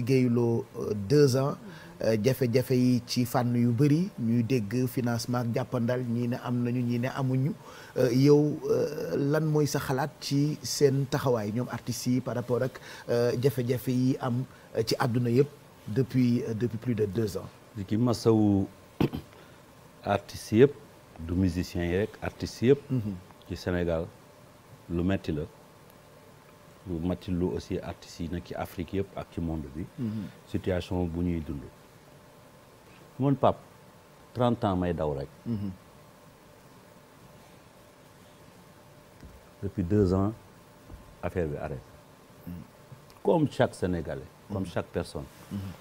liggéeyuloo euh, deux ans euh, jafe-jafe yi ci fànn yu bëri ñuy dégg financement ak jàppandal ñii ne am nañu ñii ne amuñu euh, yow lan mooy sa xalaat ci seen taxawaay ñoom artistes yi par rapport ak jafe-jafe yi am ci àdduna yëpp depuis depuis plus de deux ans. di ki masawu artistes yëpp du musiciens yi rek artistes yëpp. Mhm. lu metti la. matillu aussi artistes yi na ci Afrique yëpp ak ci monde bi mhm. situation bu ñuy dund moon pap trente ans may daw rek mhm. depuis deux ans affaire bi arrêté mhm. comme chaque Sénégalais comme chaque personne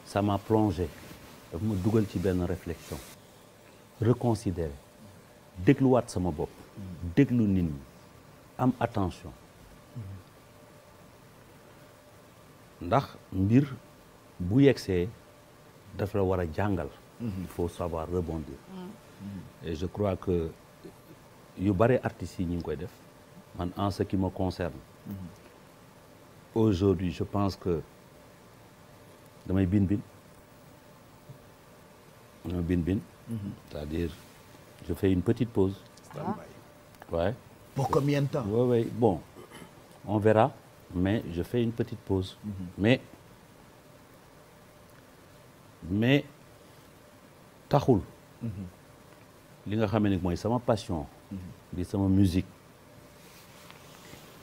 sama m'a plongé ma dugal ci benn réflexion reconsidérer dégluwaat sama bopp déglu nit ñi am attention ndax mbir bu yegsee daf la war a jàngal. Mhm. il faut savoir rebondir. Mm. Mm. et je crois que yu bare artistes yi ñu ngi koy def man en ce qui me concerne. Mm-hmm. aujourd'hui je pense que damay bin bin damay bin mm-hmm. c'est-à-dire je fais une petite pause. on verra. mais je fais une petite pause. Mm-hmm. mais mais taxul. Mm-hmm. li nga xam ne mooy sama passion. Mm-hmm. di sama musique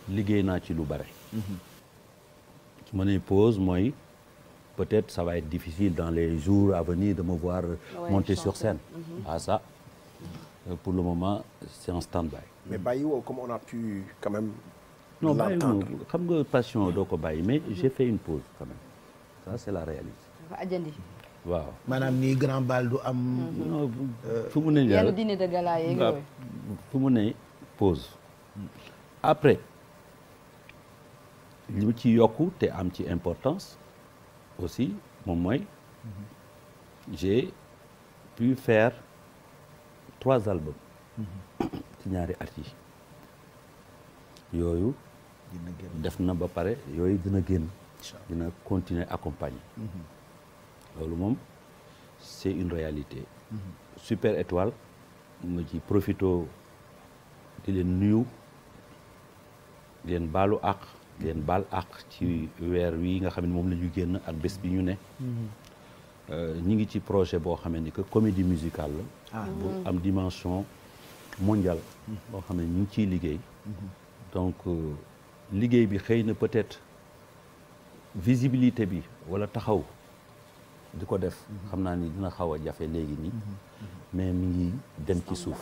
liggéey naa ci lu bare. su ma nee pause mooy peut-être ça va être difficile dans les jours à venir de me voir ouais, monter sur scène. Mm -hmm. pour le moment c'est en stand mais bàyyi woo comme on a pu quand même. non bàyyiwuma xam nga passion doo ko bàyyi mais j'ai une pause quand même c'est la réalité. dafa ajandi. waaw maanaam nii grand bal du am. Mm-hmm. Euh, fu mu ne. yàlla dîner de gala yeeg yooyu fu mu ne pose après lu ci yokku te am ci importance aussi moom mooy mm-hmm. j'ai pu faire trois albums. Mm-hmm. ci ñaari at yi. yooyu def na ba pare yooyu dina génn dina continuer accompagner mhm. loolu moom c'est une réalité mhm. super étoile nga ci profito di leen nuyu di leen baalu àq di leen baal àq ci weer wi nga xam ne moom la ñu génn ak bés bi ñu ne mhm. euh, ñi ngi ci projet boo xamee ni que comédie musicale la ah, bu am dimension mondiale boo xam ne ñu ciy liggéey donc euh, liggéey bi xëy na peut-être visibilité bi walla taxaw di ko def xam naa ni dina xaw a jafe léegi nii mais mi ngi dem ci suuf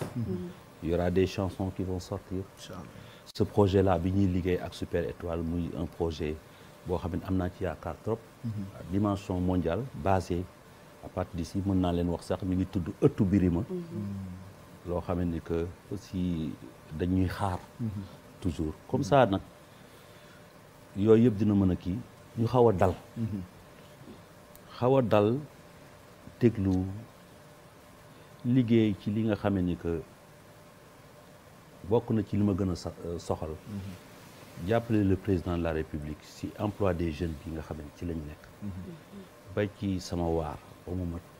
yora des chansons qui vont sortir ce projet là bi ñuy liggéey ak Super Étoile muy un projet boo xam ne am naa ci yaakaar trop mhm. dimension mondiale basé à partir si mën naa leen wax sax mi ngi tudd ëttu Birima mhm. loo xam ne que aussi dañuy xaar mhm. toujours comme ça nag yooyu yëpp dina mën a kii ñu xaw a dal xaw a dal déglu liggéey ci li nga xame ni que bokk na ci li ma gën a euh, soxal jàppale le président de la république si emploi des jeunes bi nga xamee ci lañ nekk ba ci sama waar ba mu mat